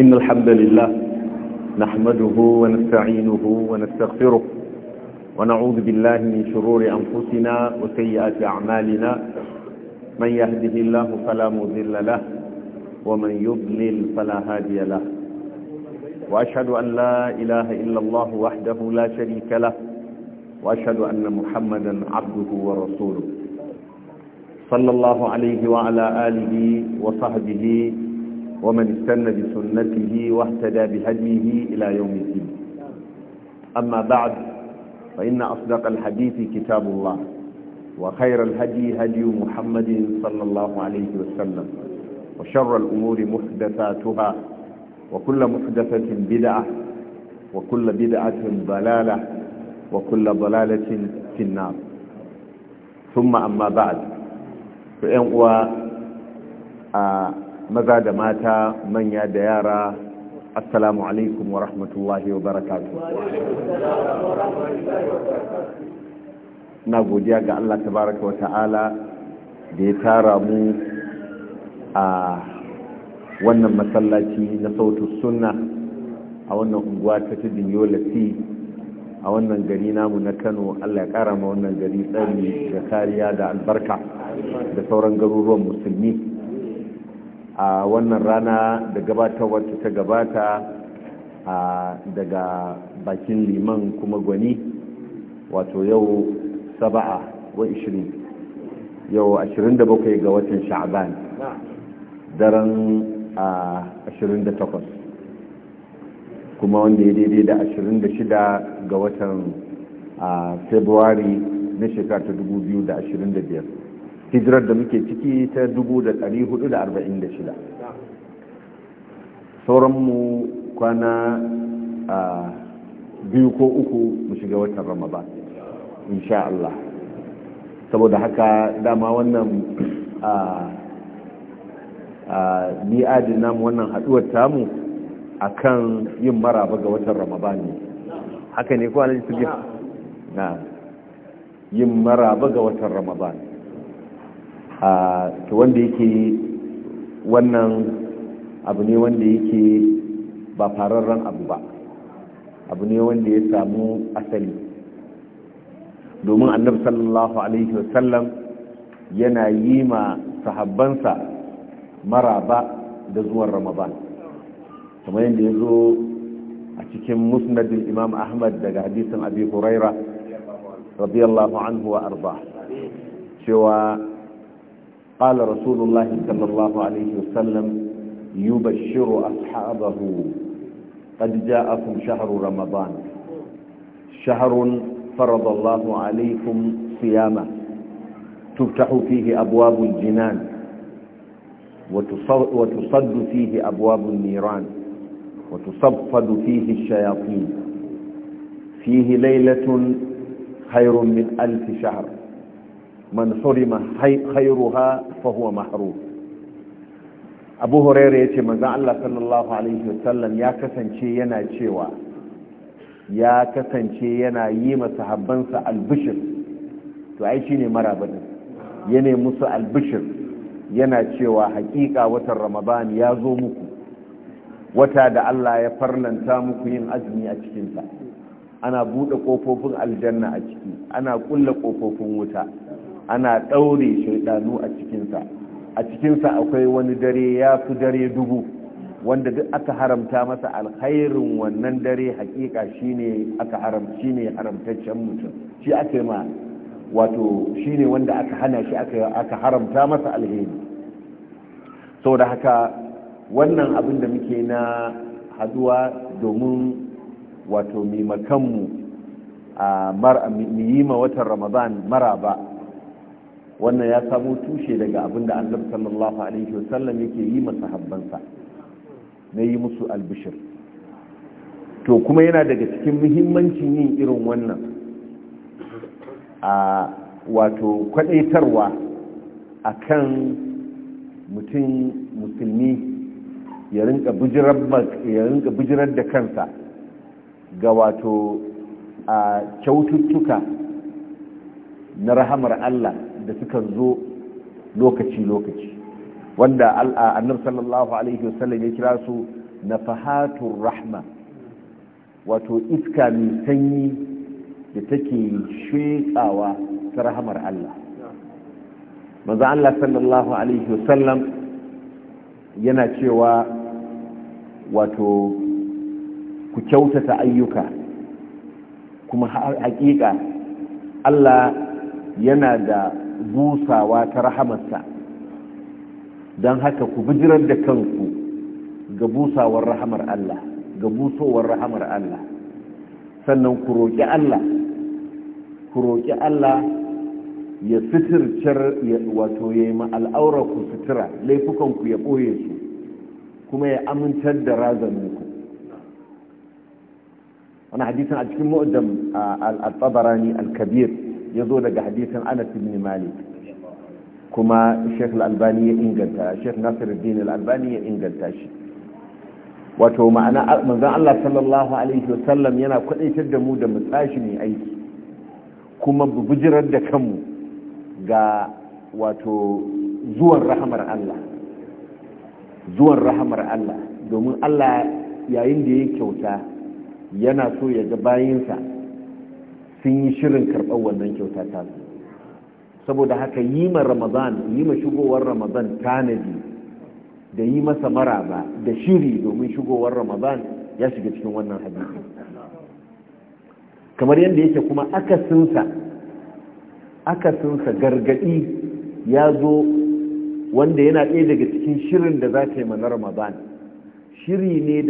إن الحمد لله نحمده ونستعينه ونستغفره ونعوذ بالله من شرور أنفسنا وسيئات أعمالنا من يهده الله فلا مذل له ومن يضلل فلا هادي له وأشهد أن لا إله إلا الله وحده لا شريك له وأشهد أن محمدا عبده ورسوله صلى الله عليه وعلى آله وصحبه ومن استنى بسنته واهتدى بهديه إلى يوم الدين أما بعد فإن أصدق الحديث كتاب الله وخير الهدي هدي محمد صلى الله عليه وسلم وشر الأمور محدثاتها وكل محدثة بدعة وكل بدعة ضلالة وكل ضلالة في النار ثم أما بعد فإن آه، maza da mata manya da yara assalamu alaikum wa rahmatullahi wa barakatu na godiya ga Allah tabaraka wa ta'ala da ya tara mu a wannan masallaci na sautus sunna a wannan unguwa ta tudun yola a wannan gari namu na kano allah ya kara ma wannan gari tsari da kariya da albarka da sauran garuruwan musulmi a wannan rana da wata ta gabata daga bakin liman kuma gwani wato yau saba'a wa ishirin yau ashirin da bakwai ga watan sha'aban daren ashirin da takwas kuma wanda ya daidai da ashirin da shida ga watan februari na shekara ta dubu biyu da ashirin da biyar hijirar da muke ciki ta 446 sauranmu kwana a biyu ko uku mu shiga watan ramadan insha Allah saboda haka dama wannan a ni'adin namu wannan haduwar tamu akan yin maraba ga watan ramadan ne haka ne kwanan su na yin maraba ga watan ramadan a wanda yake wannan abu ne wanda yake ba fararren abu ba abu ne wanda ya samu asali domin annabi sallallahu alaihi wasallam yana yi ma sahabbansa maraba da zuwan ramadan kamar yadda ya zo a cikin musnadin imam ahmad daga hadisin abi huraira radiyallahu anhu wa arba cewa قال رسول الله صلى الله عليه وسلم يبشر أصحابه قد جاءكم شهر رمضان شهر فرض الله عليكم صيامه تفتح فيه أبواب الجنان وتصد فيه أبواب النيران وتصفد فيه الشياطين فيه ليلة خير من ألف شهر man hurima khairuha fa huwa mahrum abu huraira yace manzon Allah sallallahu alaihi wasallam ya kasance yana cewa ya kasance yana yi habbansa albishir to ai shine maraba din yana musu albishir yana cewa hakika watan ramadan ya zo muku wata da Allah ya farlanta muku yin azumi a cikinsa ana buɗe ƙofofin aljanna a ciki ana ƙulla ƙofofin wuta ana ɗaure shaidanu a cikinsa a cikinsa akwai wani dare ya fi dare dubu wanda duk aka haramta masa alkhairin wannan dare hakika shine aka haram shine haramtaccen mutum shi aka ma wato shine wanda aka hana shi aka haramta masa alheri saboda haka wannan abin da muke na haduwa domin wato mimakanmu a yi ma watan ramadan maraba wannan ya samo tushe daga abin da annabi sallallahu alaihi wasallam yake yi masahabbansa na yi musu albishir to kuma yana daga cikin muhimmancin yin irin wannan a wato kwadaitarwa a kan mutum musulmi ya rinka bijirar da kansa ga wato a kyaututtuka na rahamar Allah da suka zo lokaci-lokaci wanda annar sallallahu alaihi wasallam ya kira su na fahatun rahma wato iska mai sanyi da take shekawa ta rahamar Allah maza Allah sallallahu alaihi wasallam yana cewa wato ku kyautata ayyuka kuma haƙiƙa Allah yana da busawa ta rahamarsa don haka ku bijirar da kanku ga busawar rahamar Allah ga busowar rahamar Allah sannan ku roƙi Allah ku roƙi Allah ya sitircar wato ya yi ma'al'aura ku sutura laifukanku ya ɓoye su kuma ya amintar da razaninku wani hadisan a cikin mu'adam al-tabarani al-kabir ya zo daga hadisin anas ibn malik kuma sheikh al-albani ya inganta sheikh nasiruddin al-albani ya inganta shi wato ma'ana manzon Allah sallallahu alaihi wasallam yana kwadaitar da mu da mu tsashi ne aiki kuma bujirar da kanmu ga wato zuwan rahamar Allah zuwan rahamar Allah domin Allah yayin da ya kyauta yana so ya ga bayinsa sun yi shirin karɓar wannan kyauta ta saboda haka yi ma ramadan yi ma shigowar ramadan tanadi da yi masa maraba da shiri domin shigowar ramadan ya shiga cikin wannan hadisi kamar yadda yake kuma akasinsa akasinsa gargaɗi ya zo wanda yana ɗaya daga cikin shirin da za ka yi ma na ramadan shiri ne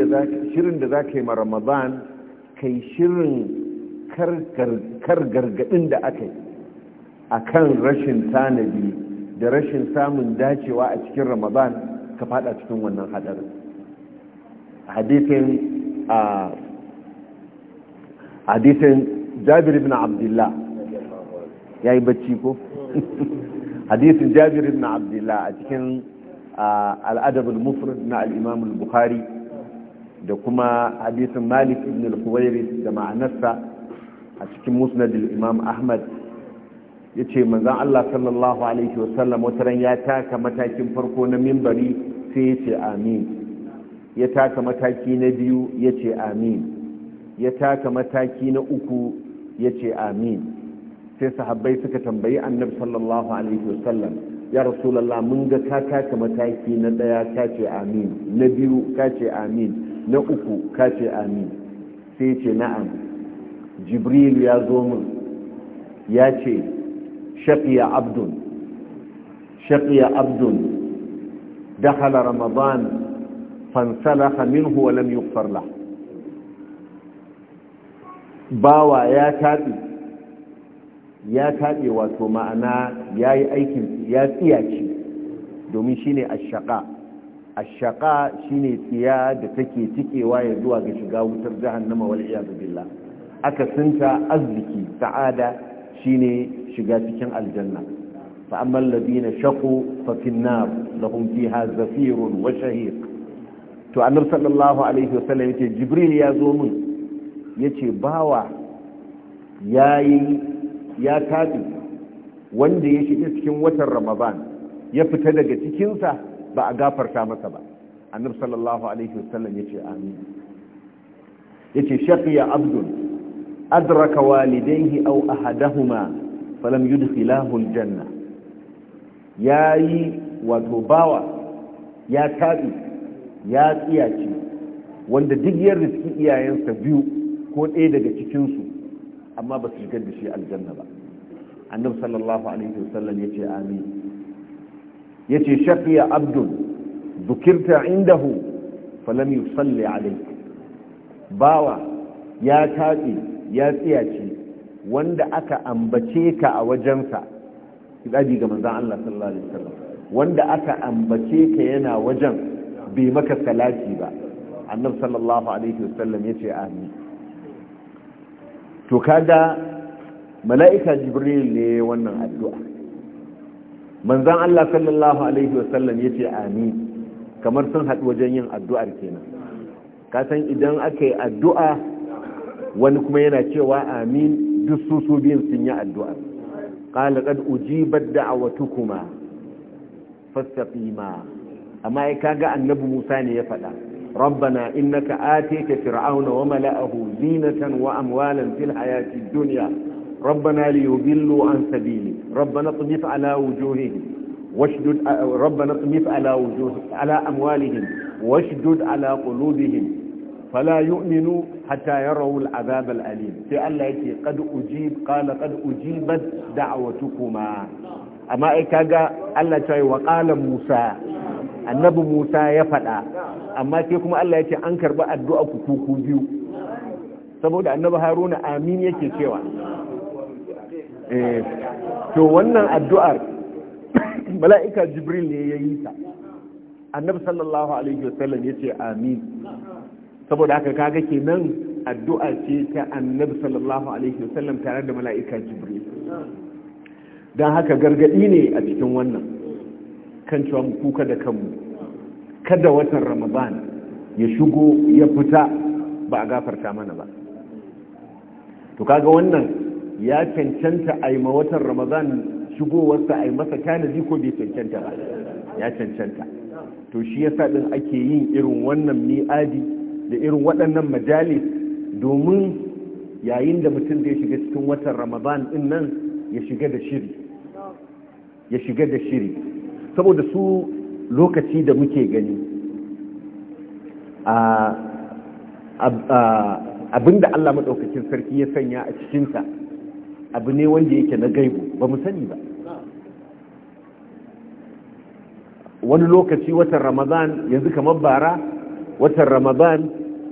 shirin da za ka yi ma ramadan kai shirin kar gargadin da aka yi a kan rashin tanadi da rashin samun dacewa a cikin ramadan ka fada cikin wannan hadarin hadithin a jabir ibn abdullah ya yi bacci ko hadithin jabir ibn abdullah a cikin al'adabul mufrad na al'imam al-bukhari da kuma hadisin malik ibn al-huwairi da ma'anarsa a cikin musnadul imam ahmad ya ce manzan allah sallallahu alaihi wasallam wata ran ya taka matakin farko na mimbari sai ya ce amin ya taka mataki na biyu ya ce amin ya taka mataki na uku ya ce amin sai sahabbai suka tambayi annabi sallallahu alaihi wasallam ya rasulallah mun ga ka taka mataki na daya ce amin na biyu ka ce amin na uku ka ce amin sai ya ce na'am jibril ya zo min ya ce shaqiya abdun shaqiya abdun dakhala ramadan fansalaha minhu wa lam yughfar bawa ya taɓe ya taɓe wato ma'ana ya yi aikin ya tsiyaci domin shine ashaka ashaka shine tsiya da take tikewa ya zuwa ga shiga wutar jahannama wal iyadu billah akasinta arziki sa'ada shine shiga cikin aljanna fa amma alladhina shaqu fa fin nar lahum fiha zafir wa shahiq to annab sallallahu alaihi wasallam yace jibril ya zo mun yace bawa yayi ya tabi wanda ya shiga cikin watan ramadan ya fita daga cikinsa ba a gafarta masa ba annab sallallahu alaihi wasallam yace amin yace shaqiya abdul adraka walidaihi aw ahadahuma falam yudkhilahu aljanna yayi wato bawa ya tabi ya tsiyaci wanda duk ya riski iyayensa biyu ko ɗaya daga cikinsu amma ba su shigar da shi aljanna ba annabi sallallahu alaihi wasallam yace amin Abdul. Bukirta abdun dhukirta indahu falam yusalli alayka bawa ya tabi ya tsiyace wanda aka ambace ka a wajensa kitabi ga manzan Allah sallallahu alaihi wasallam wanda aka ambace ka yana wajen bai maka salati ba annab sallallahu alaihi wasallam yace amin to kaga mala'ika jibril ne wannan addu'a Manzan Allah sallallahu alaihi wasallam yace amin kamar sun haɗu wajen yin addu'ar kenan ka san idan aka yi addu'a wani kuma yana cewa amin duk su su biyan sun yi addu'a qala qad ujibat Fassafi ma. amma ai kaga annabi Musa ne ya faɗa rabbana ake atayta fir'auna wa mala'ahu zinatan wa amwalan fil hayati dunya rabbana liyudillu an sabili rabbana tumif ala wujuhihim واشدد ربنا اطمس على وجوه على اموالهم واشدد على قلوبهم fala yu'minu hatta yarawul azab al-alim sai Allah yake qad ujib qala qad ujibat da'watukuma amma ai kaga Allah ta yi wa qala Musa annabi Musa ya faɗa amma sai kuma Allah yake an karba addu'a ku ku biyu saboda annabi Haruna amin yake cewa to wannan addu'ar mala'ika Jibril ne ya yi ta annabi sallallahu alaihi wasallam ya ce amin saboda haka kaga kenan addu'a ce ta annabi sallallahu alaihi wasallam tare da mala'ika jibril don haka gargadi ne a cikin wannan kan cewa mu kuka da kanmu kada watan ramadan ya shigo ya fita ba a gafarta mana ba to kaga wannan ya cancanta a yi watan ramadan shigowarsa a yi masa tanadi ko bai cancanta ba ya cancanta to shi yasa din ake yin irin wannan mi'adi da irin waɗannan majalis domin yayin da mutum ya shiga cikin watan ramadan din nan ya shiga da shiri ya shiga da shiri saboda su lokaci da muke gani abinda Allah maɗaukacin sarki ya sanya a cikinsa abu ne wanda yake na gaibu ba mu sani ba wani lokaci watan ramadan yanzu kamar bara watan ramadan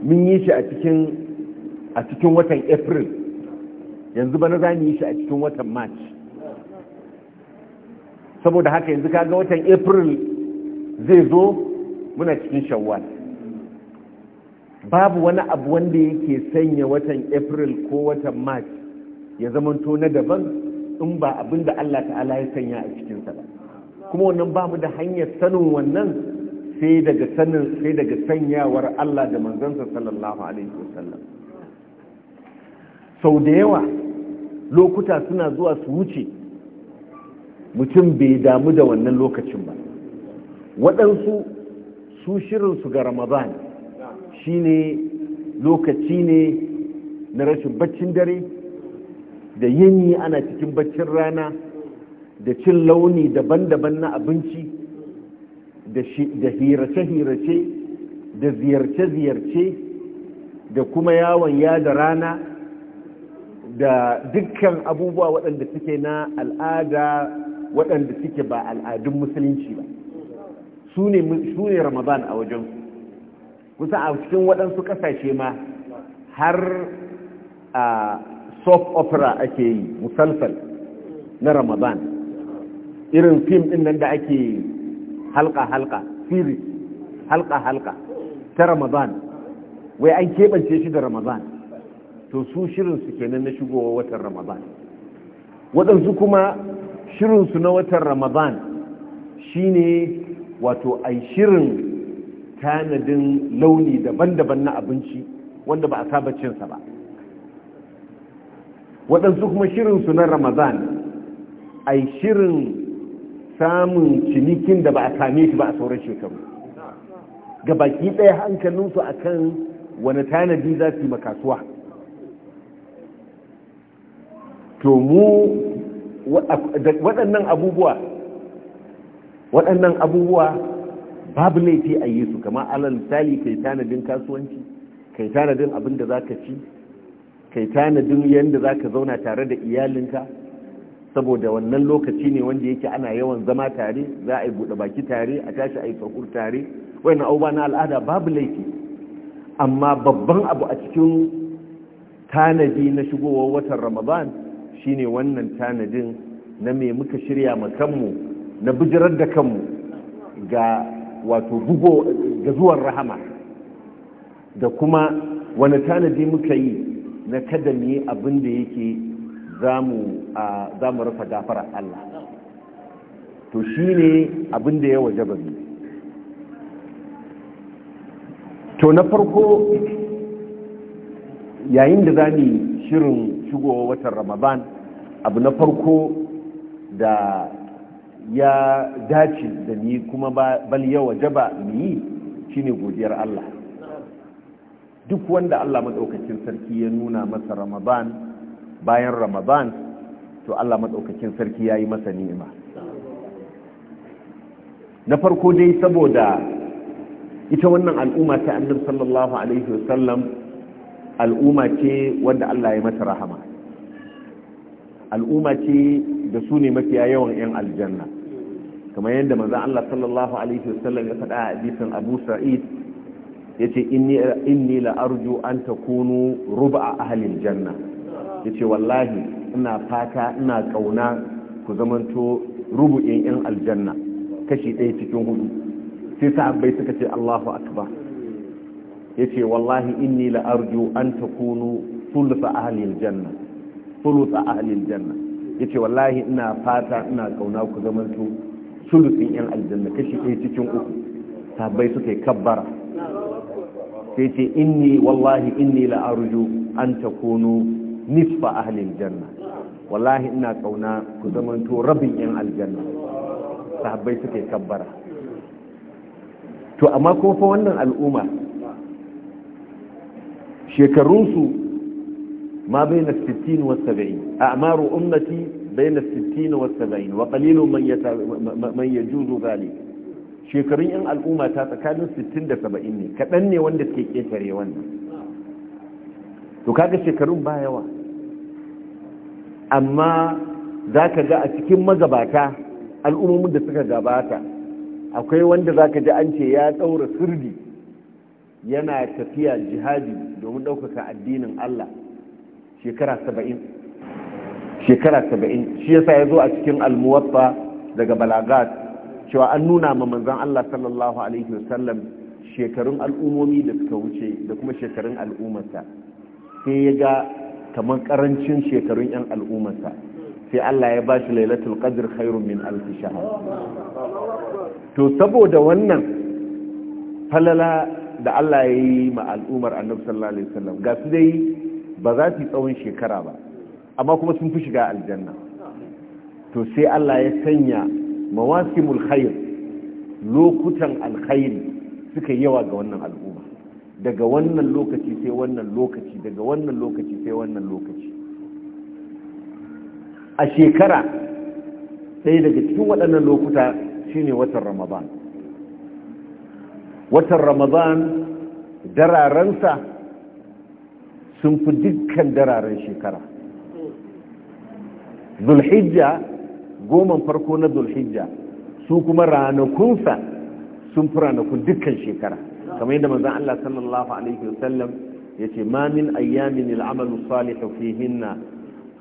mun yi shi a cikin watan april yanzu bana za mu yi shi a cikin watan march saboda haka yanzu kaga watan april zai zo muna cikin shawwal babu wani abu wanda yake sanya watan april ko watan march ya zamanto na daban in ba abin da allah ta'ala ya sanya a cikinsa ba kuma wannan ba mu da hanyar sanin wannan sai daga sanin sai daga sanyawar Allah da manzansa sallallahu alaihi wasallam sau da yawa lokuta suna zuwa su wuce mutum bai damu da wannan lokacin ba waɗansu su shirinsu ga ramadan shi ne lokaci ne na rashin baccin dare da yanyi ana cikin baccin rana da cin launi daban-daban na abinci da hirace-hirace da ziyarce-ziyarce da kuma yawon yada rana da dukkan abubuwa waɗanda suke na al'ada waɗanda suke ba al'adun musulunci ba su ne ramadan a wajen kusa a cikin waɗansu ƙasashe ma har a soft opera ake yi musalsal na ramadan irin fim ɗin nan da ake halka halka siri halka halka ta ramadan wai an keɓance shi da ramadan to su shirin kenan na shigowa watan ramadan waɗansu kuma shirin na watan ramadan shine wato ai shirin tanadin launi daban-daban na abinci wanda ba a saba cinsa ba waɗansu kuma shirinsu na ramadan ai shirin samun cinikin da ba a same shi ba a sauran shekaru ga baki ɗaya hankalinsu a kan wani tanadi za su yi makasuwa to mu waɗannan abubuwa waɗannan abubuwa babu laifi a yi su kama alal misali kai tanadin kasuwanci kai tanadin abin da za ka ci kai tanadin yadda za ka zauna tare da iyalinka saboda wannan lokaci ne wanda yake ana yawan zama tare za a yi buɗe baki tare a tashi a yi sakur tare wani abubuwa na al'ada babu laifi amma babban abu a cikin tanadi na shigowar watan ramadan shine wannan tanadin na me muka shirya ma kanmu na bijirar da kanmu ga wato bugo ga zuwan rahama da kuma wani tanadi muka yi na kada mu yi abin da yake za mu rufa gafarar Allah to shi ne abin da ya wajaba ne to na farko yayin da za mu shirin shigowa watan ramadan abu na farko da ya dace da ni kuma bal ya wajaba mu yi shine godiyar Allah duk wanda Allah maɗaukacin sarki ya nuna masa ramadan bayan ramadan to Allah madaukakin sarki yi masa ni'ima na farko dai saboda ita wannan al'umma ta sallallahu alaihi wasallam al'umma ce wanda Allah ya mata rahama al'umma ce da su ne mafiya yawan 'yan aljanna kamar yadda maza Allah sallallahu alaihi wasallam ya faɗa a hadisin Abu Sa'id ya ce inni la'arju an an takunu ruba a ahalin janna ya ce wallahi ina fata ina kauna ku zamanto rubu'in yan aljanna kashi ɗaya cikin hudu sai abai suka ce allahu akbar ya ce wallahi inni la'arju an ta kunu sulusa halin janna sulusa ahalil janna ya ce wallahi ina fata ina kauna ku zamanto sulusin yan aljanna kashi ɗaya cikin uku sahabbai suka yi kabbara sai ce inni wallahi inni la'arju an ta kunu nisfa ahlil janna wallahi ina kauna ku zamanto rabin yan aljanna sahabbai suke kabbara to amma kuma fa wannan al'umma shekarunsu ma bai na 60 wa 70 a amaru ummati bai na 60 wa 70 wa kalilun man ya juzo gali shekarun yan al'umma ta tsakanin 60 da 70 ne kaɗan ne wanda suke ƙetare wannan to kaga shekarun ba yawa amma za ka ga a cikin magabata al'ummomin da suka gabata akwai wanda za ka ji an ce ya ɗaura sirri yana tafiya jihadi domin ɗaukaka addinin Allah shekara saba'in shekara saba'in shi yasa ya zo a cikin almuwaffa daga balagat cewa an nuna ma manzan Allah sallallahu alaihi wasallam shekarun al'ummomi da suka wuce da kuma shekarun al'ummata? sai ya ga kamar karancin shekarun 'yan al'ummarsa sai Allah ya ba shi lailatul ƙadir khairun min alf to saboda wannan falala da Allah ya yi ma al'ummar annabi sallallahu alaihi ga su dai ba za su yi tsawon shekara ba amma kuma sun fi shiga aljanna to sai Allah ya sanya mawasimul khair lokutan alkhairi suka yawa ga wannan al'umma daga wannan lokaci sai wannan lokaci daga wannan lokaci sai wannan lokaci a shekara sai daga cikin waɗannan lokuta shine watan ramadan watan ramadan dararensa sun fi dukkan dararen shekara zulhijja goma farko na zulhijja su kuma ranakunsa sun fi ranakun dukkan shekara kamar yadda manzon Allah sallallahu alaihi wasallam yace ma min ayyamin al'amal salih fihinna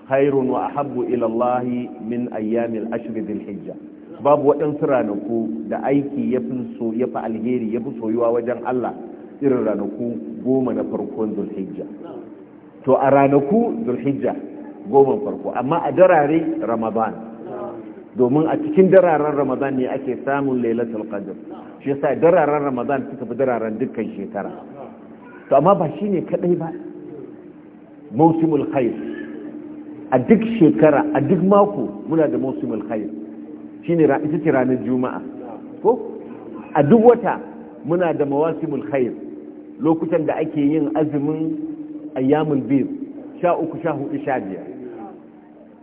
khairun wa ahabbu ila Allah min ayyamil ashr dhil hijja babu waɗansu ranaku da aiki ya fi so ya fi alheri ya fi soyuwa wajen Allah irin ranaku goma na farkon zulhijja to a ranaku zulhijja goma farko amma a darare ramadan domin a cikin dararen ramadan ne ake samun lailatul qadr shi yasa dararen ramadan suka fi dararen dukkan shekara to amma ba shine kadai ba mawsimul khair a duk shekara a duk mako muna da mawsimul khair shine ita ce ranar juma'a ko a duk wata muna da mawasimul khair lokutan da ake yin azumin ayyamul bir sha uku sha hudu sha biyar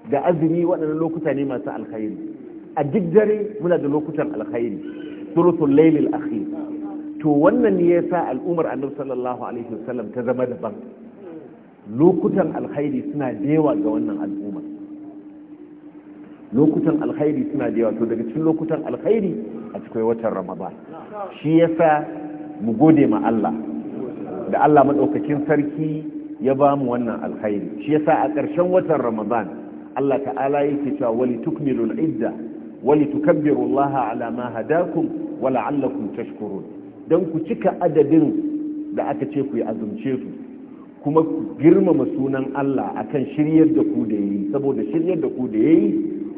da azumi waɗannan lokuta ne masu alkhairi a duk dare muna da lokutan alkhairi sulutul lailil akhir to wannan ne yasa al'umar annabi sallallahu alaihi wasallam ta zama daban lokutan alkhairi suna da yawa ga wannan al'umma lokutan alkhairi suna da yawa to daga cikin lokutan alkhairi a cikin watan ramadan shi yasa mu gode ma Allah da Allah madaukakin sarki ya ba mu wannan alkhairi shi yasa a ƙarshen watan ramadan Allah ta'ala yake cewa wali tukmilul idda wali tukabbiru Allah ala ma hadakum wa la'allakum tashkurun dan ku cika adadin da aka ce ku yi azumce su kuma ku girmama sunan Allah akan shiryar da ku da yayi saboda shiryar da ku da yayi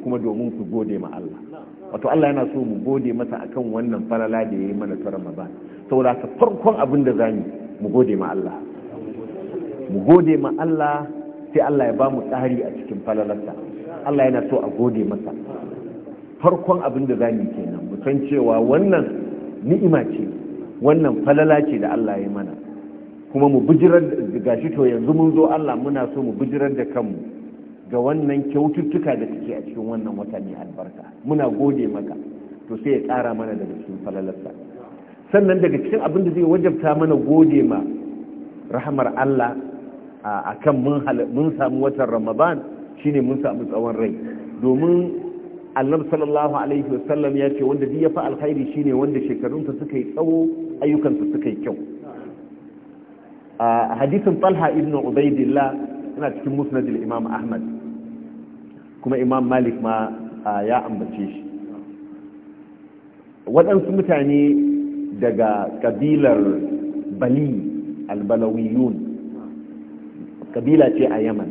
kuma domin ku gode ma Allah wato Allah yana so mu gode masa akan wannan falala da yayi mana ta Ramadan saboda farkon abin da zamu mu gode ma Allah mu gode ma Allah sai Allah ya ba mu tsari a cikin falalarsa Allah yana so a gode masa farkon abin da zamu kenan mu cewa wannan ni'ima ce wannan falala ce da Allah ya mana kuma mu bijirar da to yanzu mun zo Allah muna so mu bijirar da kanmu ga wannan kyaututtuka da take a cikin wannan wata mai albarka muna gode maka to sai ya tsara mana daga cikin falalarsa sannan daga cikin abin da zai wajabta mana gode ma rahamar Allah a kan mun samu watan ramadan shine mun samu tsawon rai domin annabi sallallahu alaihi wasallam ya ce wanda ya fa alkhairi shine wanda shekarunsa suka yi tsawo ayyukansa suka yi kyau a hadisin talha ibn ubaidillah yana cikin musnadil imam ahmad kuma imam malik ma ya ambace shi waɗansu mutane daga kabilar bali albalawiyun kabila ce a yaman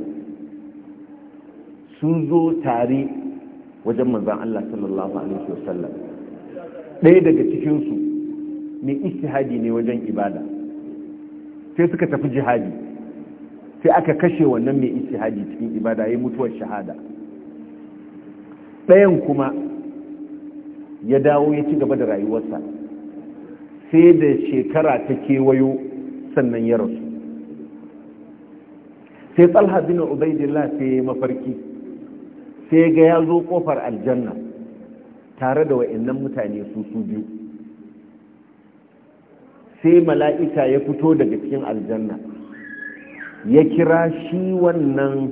sun zo tare wajen manzan Allah sallallahu alaihi wasallam ɗaya daga cikinsu mai istihadi ne wajen ibada sai suka tafi jihadi sai aka kashe wannan mai istihadi cikin ibada ya mutuwar shahada ɗayan kuma ya dawo ya ci gaba da rayuwarsa sai da shekara ta kewayo sannan ya rasu sai talha bin ubaidillah sai mafarki sai ga ya zo kofar aljanna tare da wa'annan mutane su su biyu sai mala'ika ya fito daga cikin aljanna ya kira shi wannan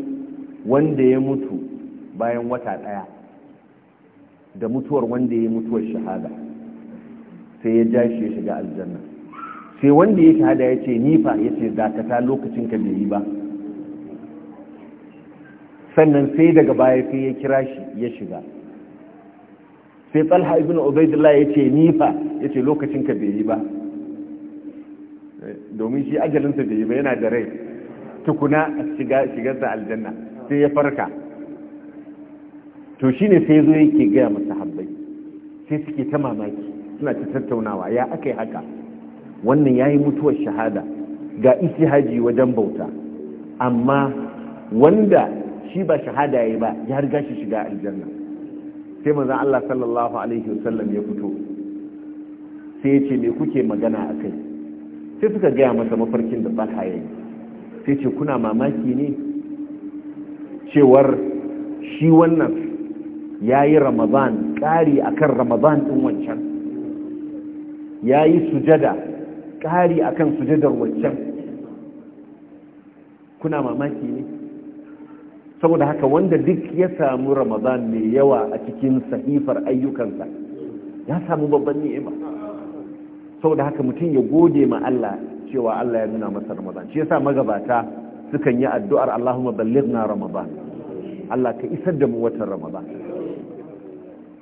wanda ya mutu bayan wata ɗaya da mutuwar wanda ya mutuwar shahada sai ya ja shi ya shiga aljanna sai wanda ya shahada ya ce nifa ya ce dakata lokacin ka bai yi ba sannan sai daga baya sai ya kira shi ya shiga sai talha ibn ubaidullah ya ce nifa ya ce lokacin ka bai yi ba domin shi ajalinsa bai yi ba yana da rai tukuna a shigarsa aljanna sai ya farka to shine sai zo yake gaya masa habbai sai suke ta mamaki suna ta tattaunawa ya aka yi haka wannan ya yi mutuwar shahada ga isi haji wajen bauta amma wanda shi ba shahada yayi ba ya harga shi shiga aljanna sai manzon Allah sallallahu alaihi wasallam ya fito sai ya ce me kuke magana akai sai suka gaya masa mafarkin da Talha yayi sai ce kuna mamaki ne cewar shi wannan yayi Ramadan kari akan Ramadan din wancan yayi sujada kari akan sujadar wancan kuna mamaki ne saboda haka wanda duk ya samu ramadan mai yawa a cikin sahifar ayyukansa ya samu babban ni'ima saboda haka mutum ya gode ma Allah cewa Allah ya nuna masa ramadan shi yasa magabata sukan yi addu'ar Allahumma ballighna ramadan Allah ka isar da mu watan ramadan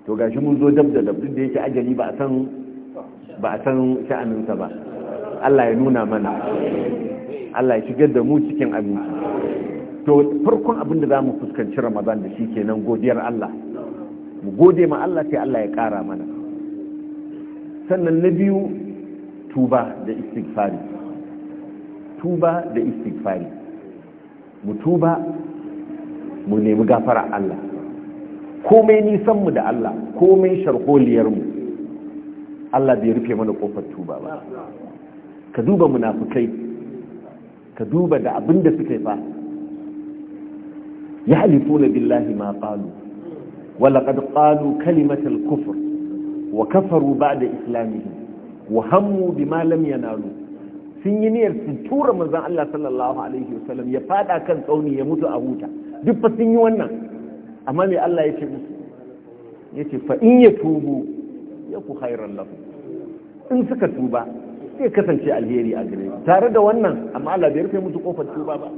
to gashi mun zo dab da dab duk da yake ajali ba a san ba a san sa ba Allah ya nuna mana Allah ya shigar da mu cikin abinci. to farkon abin da za mu fuskanci ramadan da shi kenan godiyar allah mu gode ma allah sai allah ya kara mana sannan na biyu tuba da istighfari tuba da istighfari mu tuba mu nemi gafara allah komai nisanmu da allah komai sharholiyarmu allah bai rufe mana kofar tuba ba ka duba munafukai ka duba da abin da suka yi ba يحلفون بالله ما قالوا ولقد قالوا كلمة الكفر وكفروا بعد إسلامهم وهموا بما لم ينالوا سنينير ستورة مزان الله صلى الله عليه وسلم يفادا كان صوني يموت أهوتا دفا سنيوانا أمامي الله يتبس يتب فإن يتوبوا يكو خيرا لهم إن سكتوا با sai kasance alheri a gare tare da wannan amma Allah bai rufe musu kofar tuba ba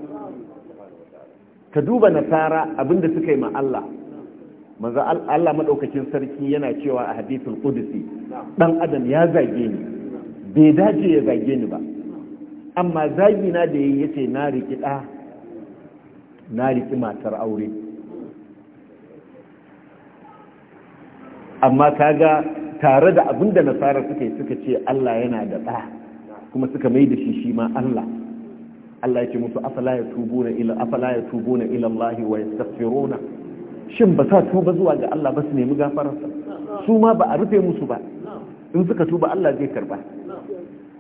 ka duba nasara abinda suka yi ma Allah manzo Allah madaukakin sarki yana cewa a hadithul qudsi dan adam ya zage ni bai dace ya zage ni ba amma zagi na da yayi yace na riki da na riki matar aure amma kaga tare da abinda nasara suka yi suka ce Allah yana da da kuma suka mai da shi shi ma Allah Allah yake musu afala ya tubuna ila afala ya tubuna ila Allah wa yastaghfiruna shin ba sa tuba zuwa ga Allah ba su nemi gafararsa su ma ba a rufe musu ba in suka tuba Allah zai karba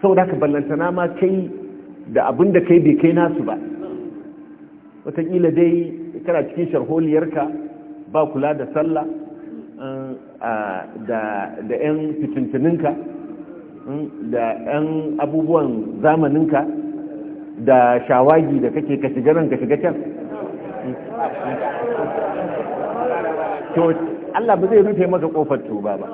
saboda ka ballantana ma kai da abin da kai bai kai nasu ba wataƙila dai kana cikin sharholiyarka ba kula da sallah eh, da 'yan ka, da 'yan hmm, abubuwan zamanin ka. da shawagi da kake ka shiga nan ka shiga can to Allah ba zai rufe maka kofar tuba ba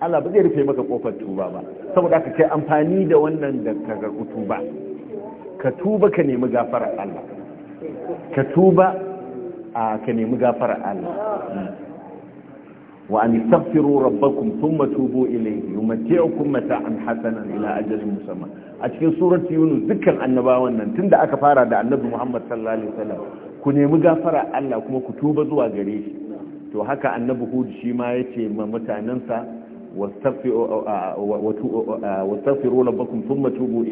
Allah ba zai rufe maka kofar tuba ba saboda ka kai amfani da wannan da ka ga tuba ka tuba ka nemi gafarar Allah ka tuba ka nemi gafarar Allah hmm. Wa in tafirau rabba kun sun matuɓu ilai, yu ma teku mata an A cikin surat yi mu annabawan nan, tunda aka fara da annabi Muhammad sallallahu alaihi wa ku nemi gafara Allah kuma ku tuba zuwa gare shi, to haka annabi Huda shi ma ya ce ma mutanansa wasu tafi ruwan rabba kun sun matuɓu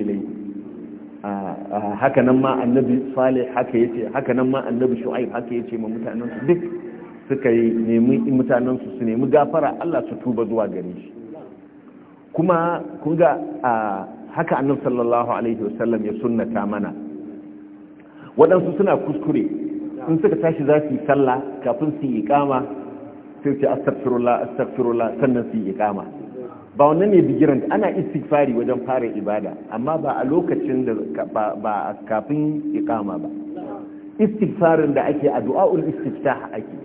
ma annabi Faly haka ya ce, hakanan ma annabi Shu'aib haka ya ma mutanansa. suka yi nemi mutanen su nemi gafara Allah su tuba zuwa gare shi kuma kun ga haka annabi sallallahu alaihi wasallam ya sunnata mana waɗansu suna kuskure in suka tashi za su yi sallah kafin su yi iqama sai ce astaghfirullah astaghfirullah sannan su yi iqama ba wannan ne bigiran ana istighfari wajen fara ibada amma ba a lokacin da ba kafin iqama ba istighfarin da ake ul istiftah ake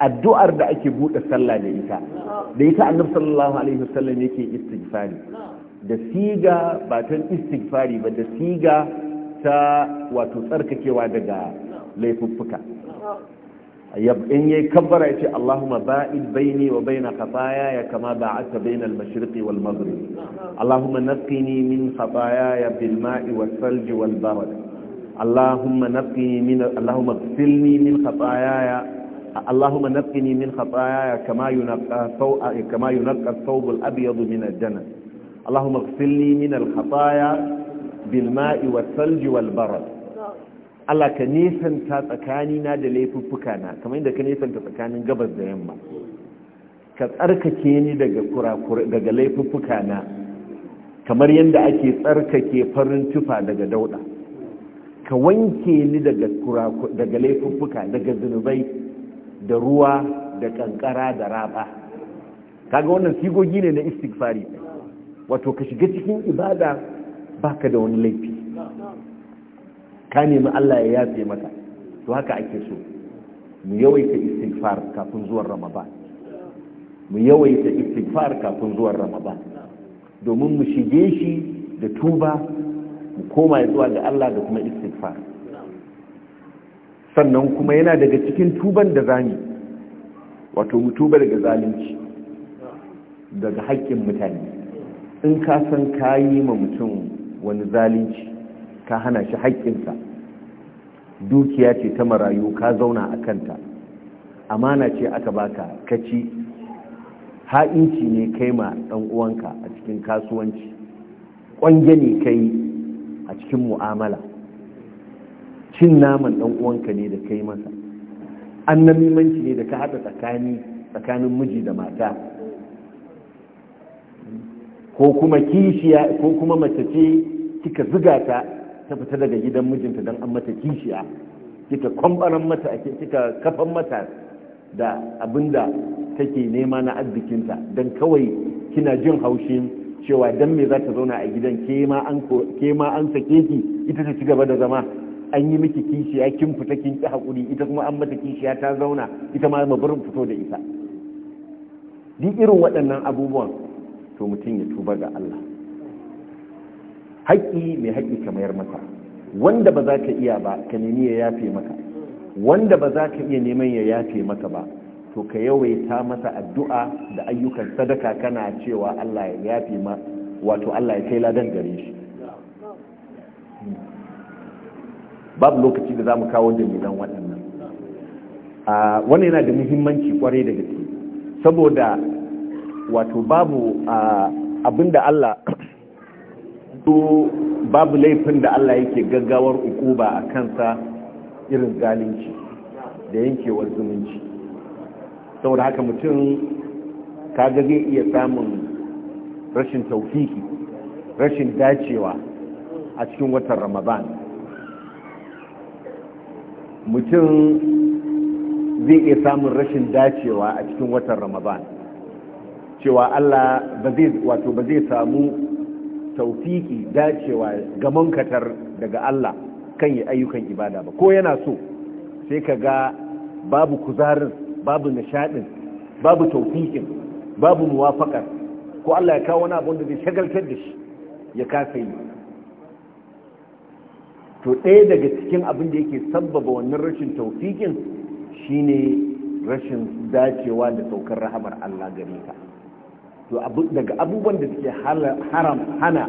addu'ar da ake buɗe sallah da ita da ita annabi sallallahu alaihi wasallam yake istighfari da siga ba ta istighfari ba da siga ta wato tsarkakewa daga laifuffuka in yayi kabbara yace Allahumma ba'id baini wa baina ya kama ba'adta baina al-mashriqi wal maghrib Allahumma naqqini min khataaya bil ma'i was salji wal barad Allahumma naqqini min Allahumma ighfirni min khataaya Allahumma naqqini min khataaya kama yunqqa thawba kama yunqqa thawbul abyadu min al-janna Allahumma ighfirli min al-khataaya bil ma'i was salji wal barad Allah ka nisanta tsakanina da laifuffukana kamar yadda ka nesanta tsakanin gabas da yamma ka tsarkake ni daga kurakura daga laifuffukana kamar yadda ake tsarkake farin tufa daga dauda ka wanke ni daga daga laifuffuka daga zunubai da ruwa da kankara da raba kaga wannan sigogi ne na istighfari wato ka shiga cikin ibada baka da wani laifi ka nemi Allah ya yafe maka to haka ake so mu yawaita istighfar kafin zuwan ramadan mu yawaita istighfar kafin zuwan ramadan domin mu shige shi da tuba mu koma zuwa ga Allah da kuma istighfar sannan kuma yana daga cikin tuban da zami wato mutuba daga zalunci daga haƙƙin mutane in ka san ka yi ma mutum wani zalunci ka hana shi haƙƙinsa dukiya ce ta marayu ka zauna a kanta amana ce aka baka kaci ha'inci ne kai ma ɗan uwanka a cikin kasuwanci ƙwange ne kai a cikin mu'amala cin naman dan uwanka ne da kai masa annamimanci ne da ka haɗa tsakani tsakanin miji da mata ko kuma kishiya ko kuma mace ce kika zuga ta ta fita daga gidan mijinta don an mata kishiya kika kwambaran mata ake kika kafan mata da abinda take nema na arzikinta don kawai kina jin haushin cewa dan me za ta zauna a gidan ke ma an sake ki ita ta ci gaba da zama an yi miki kishiya kin fita kin ki hakuri ita kuma an mata kishiya ta zauna ita ma barin fito da ita duk irin waɗannan abubuwan to mutum ya tuba ga Allah haƙƙi mai haƙƙi ka mayar masa wanda ba za ka iya ba ka nemi ya yafe maka wanda ba za ka iya neman ya yafe maka ba to ka yawaita masa addu'a da ayyukan sadaka kana cewa Allah ya yafe ma wato Allah ya kai ladan gare shi babu lokaci da za mu kawo dalilan waɗannan wannan yana da muhimmanci kwarai da gaske saboda wato babu abinda Allah babu laifin da Allah yake gaggawar ukuba a kansa irin zalunci da yankewar zumunci saboda haka mutum kaga zai iya samun rashin taufiki rashin dacewa a cikin watan ramadan mutum zai iya samun rashin dacewa a cikin watan ramadan cewa allah wato ba zai samu taufiki dacewa ga mankatar daga allah kan yi ayyukan ibada ba ko yana so sai ka ga babu kuzarin babu nishadin babu taufikin babu muwafakar ko allah ya kawo wani abu da zai shagaltar da shi ya kasa yi to ɗaya daga cikin abin da yake sabbaba wannan rashin taufikin shine rashin dacewa da saukar rahamar Allah gare ka to daga abubuwan da suke haram hana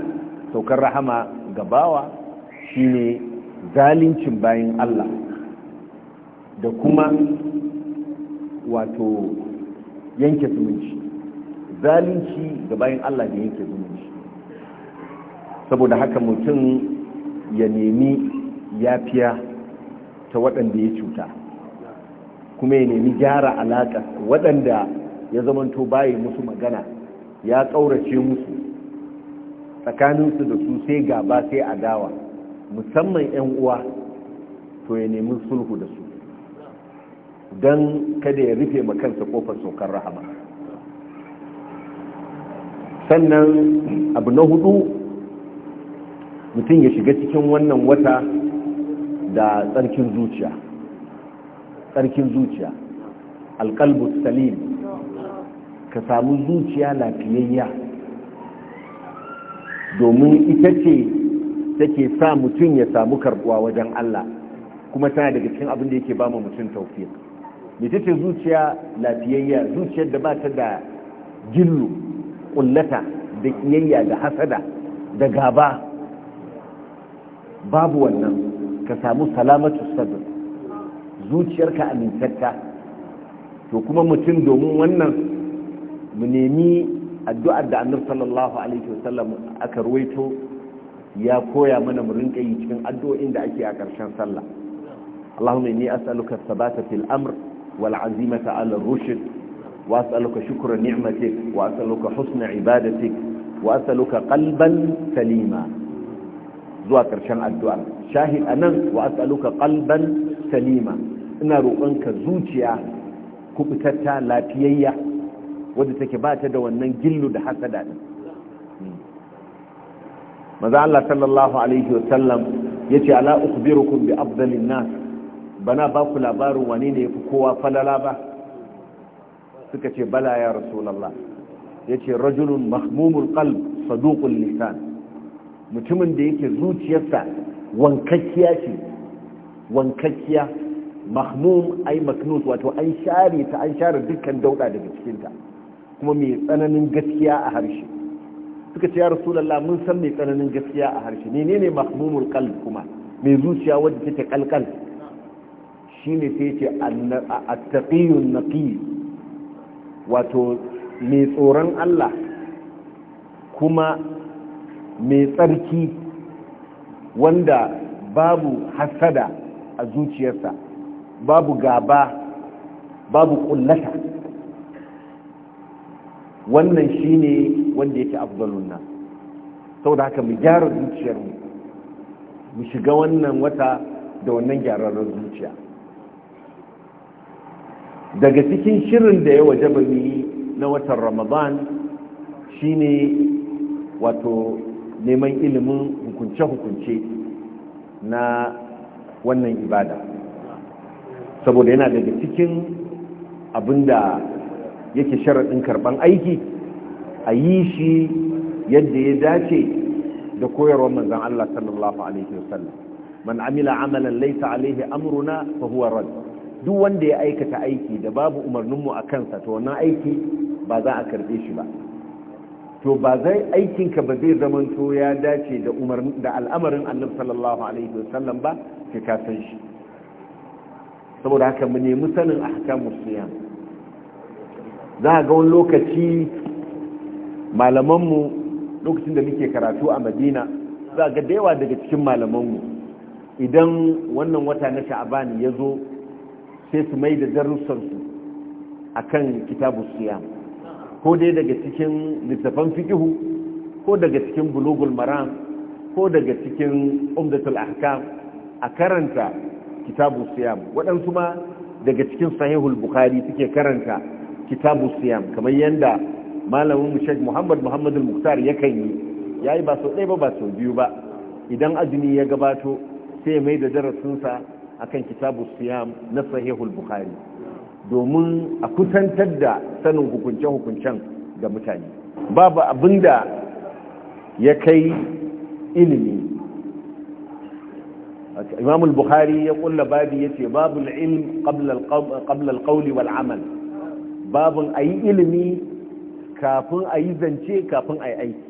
saukar rahama ga bawa shine zalincin bayan Allah da kuma wato yanke zumunci zalunci ga bayan Allah da yanke zumunci saboda haka mutum ya nemi yafiya ta waɗanda ya cuta kuma ya nemi gyara alaƙa waɗanda ya zamanto baya musu magana ya ƙaurace musu tsakaninsu da su sai gaba sai adawa musamman 'yan uwa to ya nemi sulhu da su don kada ya rufe ma kansa kofar saukar rahama sannan abu na hudu mutum ya shiga cikin wannan wata da tsarkin zuciya tsarkin zuciya alkalbu salim ka samu zuciya lafiyayya domin ita ce take sa mutum ya samu karbuwa wajen Allah kuma tana daga cikin abin da yake ba mu mutum mai ta ce zuciya lafiyayya zuciyar da ba ta da gillu ƙullata, da kiyayya da hasada da gaba babu wannan ka samu salamatu sadr zuciyarka amintatta to kuma mutum domin wannan mu nemi addu'ar da annabi sallallahu alaihi wasallam aka ruwaito ya koya mana mu rinka yi cikin addu'o'in da ake a ƙarshen sallah Allahumma inni as'aluka thabata fil amr wal azimata 'ala rushd wa as'aluka shukra ni'matik wa as'aluka husna ibadatik wa as'aluka qalban salima zuwa ƙarshen addu'a shahid nan wa as'aluka ƙalban salima ina roƙonka zuciya kubutatta lafiyayya wadda take ba ta da wannan gillu da hasada din maza Allah sallallahu alaihi wa sallam yace ala ukhbirukum bi afdalin nas bana ba ku labarin wani ne yafi kowa falala ba suka ce bala ya rasulullah yace rajulun mahmumul qalb saduqul lisan mutumin da yake zuciyarsa wankakkiya ce wankakkiya mahmum ai maknus wato an share ta an share dukkan dauda daga cikinta kuma mai tsananin gaskiya a harshe suka ce ya rasulullah mun san mai tsananin gaskiya a harshe ne ne mahmumul qalb kuma mai zuciya wadda take kalkal shine sai ce at-taqiyun naqi wato mai tsoron Allah kuma mai tsarki wanda babu hasada a zuciyarsa babu gaba babu kullata wannan shine wanda yake afdalun nan sau da haka mu gyara zuciyarmu mu shiga wannan wata da wannan gyararren zuciya daga cikin shirin da ya wajaba mu na watan ramadan shine wato neman ilimin hukunce-hukunce na wannan ibada saboda yana daga cikin abinda yake sharaɗin karɓan aiki a yi shi yadda ya dace da koyarwar manzan Allah sallallahu Alaihi wasallam man amila amalan laisa alaihi amruna fa huwa rad duk wanda ya aikata aiki da babu umarninmu a kansa to wannan aiki ba za a karɓe shi ba to ba zai aikinka ba zai to ya dace da al'amarin annabi sallallahu alaihi wasallam ba ka ka san shi saboda haka mu nemi sanin ahkamus siyam za ga wani lokaci malamanmu lokacin da muke karatu a madina za ga da daga cikin malamanmu idan wannan wata na sha'abani ya zo sai su mai da su akan kitabus siyam ko dai daga cikin littafan fikihu ko daga cikin bulugul maram ko daga cikin umdatul ahkam a karanta kitabu siyam waɗansu ma daga cikin sahihul bukhari suke karanta kitabu siyam kamar yadda malamin sheikh muhammad muhammad al-muktar yakan yi yayi ba sau ɗaya ba ba sau biyu ba idan azumi ya gabato sai mai da darasinsa akan kitabu siyam na sahihul bukhari domin a kusantar da sanin hukunce-hukuncen ga mutane babu abin da ya kai ilimi imam al-bukhari ya kulla babi yace babu al-ilm qabla al wal amal babun ayi ilimi kafin ayi zance kafin ayi aiki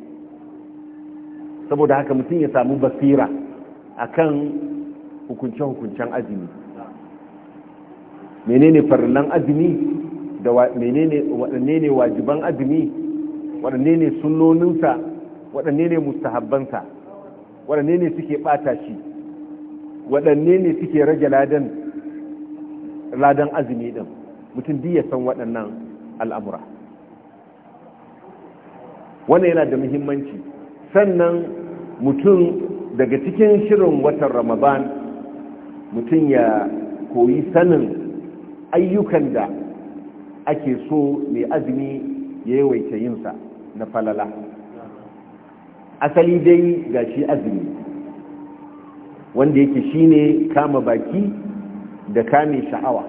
saboda haka mutum ya samu basira akan hukunce-hukuncen azumi menene farlan azumi da menene waɗanne ne wajiban azumi waɗanne ne sunnoninsa waɗanne ne mustahabbansa waɗanne ne suke ɓata shi waɗanne ne suke rage ladan ladan azumi ɗin mutum ya san waɗannan al'amura wannan yana da muhimmanci sannan mutum daga cikin shirin watan ramadan mutum ya koyi sanin ayyukan da ake so mai azumi ya yawaita yinsa na falala asali dai ga shi azumi wanda yake shine kama baki da kame sha'awa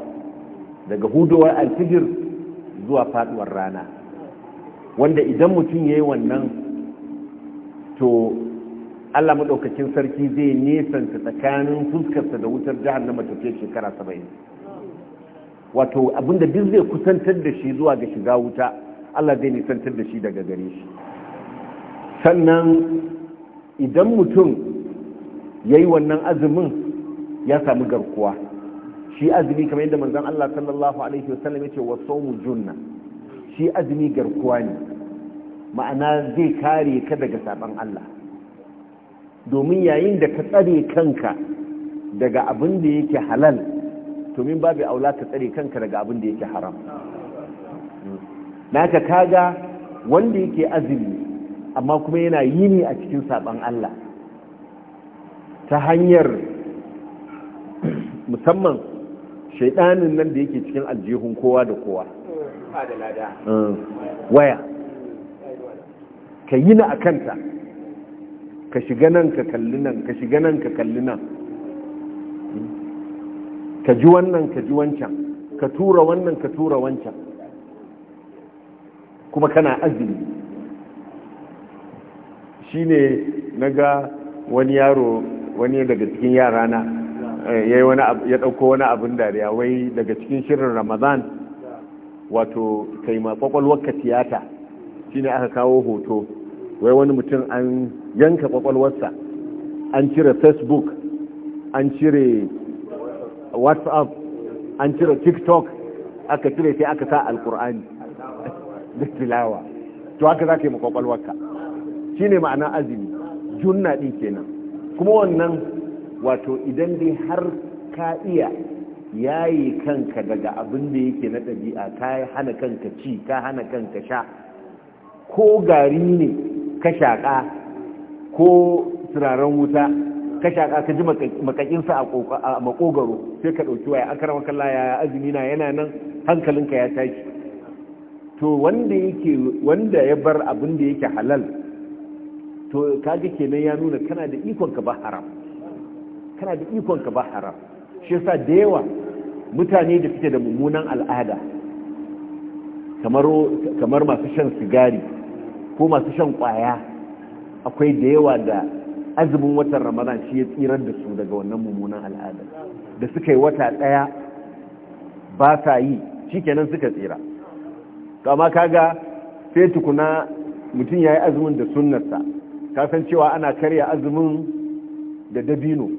daga hudowar alfijir zuwa faduwar rana wanda idan mutum ya yi wannan to allah maɗaukacin sarki zai nesanta tsakanin fuskarsa da wutar jihar na matafiya shekara saba'in wato abinda duk zai kusantar da shi zuwa ga shiga wuta Allah zai nisantar da shi daga gare shi sannan idan mutum ya yi wannan azumin ya samu garkuwa shi azumi kamar yadda manzon Allah sallallahu alaihi wasallam ya ce wa sawmu junna shi azumi garkuwa ne ma'ana zai kare ka daga saban Allah domin yayin da ka tsare kanka daga abin da yake halal domin babu aula ka tsare kanka daga abin da yake haram Na ka kaga wanda yake azumi amma kuma yana yi ne a cikin saban Allah ta hanyar musamman shaidanin nan da yake cikin aljihun kowa da kowa mm. waya ka yi na a kanta ka shiga nan ka kalli nan ka shiga nan ka kalli nan ka ji wannan ka ji wancan ka tura wannan ka tura wancan kuma kana azumi shi ne na ga wani yaro wani daga cikin yara na eh, ya ɗauko wani abin dariya wai daga cikin shirin ramadan wato kaima ka tiyata shi ne aka kawo hoto wai wani mutum an yanka kwakwalwarsa an cire facebook an cire whatsapp an cire tiktok aka cire sai aka sa alkur'ani da tilawa to haka za ka yi makwakwalwarka shi ne ma'ana azumi junna ɗin kenan kuma wannan wato idan dai har ka iya yayi kanka daga abin da yake na ɗabi'a ka hana kanka ci ka hana kanka sha ko gari ne ka shaƙa ko turaren wuta ka shaka ka ji makakinsa a makogaro sai ka ɗauki waya akara makalla ya azumi na yana nan hankalinka ya tashi to wanda yake wanda ya bar abin da yake halal to kaga kenan ya nuna kana da ikon ka ba haram kana da ikon ka ba haram shi yasa da yawa mutane da suke da mummunan al'ada kamar kamar masu shan sigari ko masu shan kwaya akwai da yawa da azumin watan ramadan shi ya tsirar da su daga wannan mummunan al'ada da suka yi wata ɗaya ba sa yi shikenan suka tsira kama kaga sai tukuna mutum ya yi azumin da sunnarsa kasan cewa ana karya azumin da dabino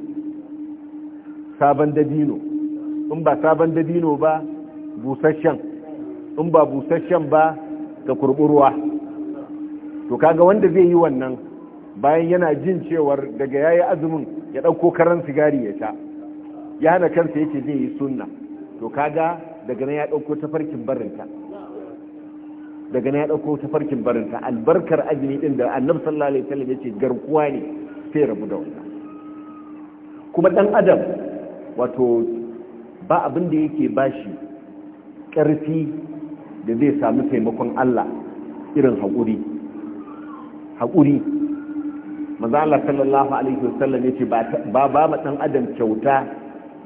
sabon dabino in ba sabon dabino ba busasshen in ba busasshen ba ga kurburuwa to kaga wanda zai yi wannan bayan yana jin cewar daga yayi azumin ya ɗauko karan sigari ya sha ya hana kansa yake zai yi sunna to kaga daga nan ya ɗauko tafarkin barinta daga nan ya tafarkin barinta albarkar azumi ɗin da annabi sallallahu alaihi wasallam yace garkuwa ne sai rabu da wannan kuma ɗan adam wato ba abin da yake bashi ƙarfi da zai samu taimakon Allah irin haƙuri haƙuri Maza Allah sallallahu alaihi wasallam yace ba ba ba ma dan adam kyauta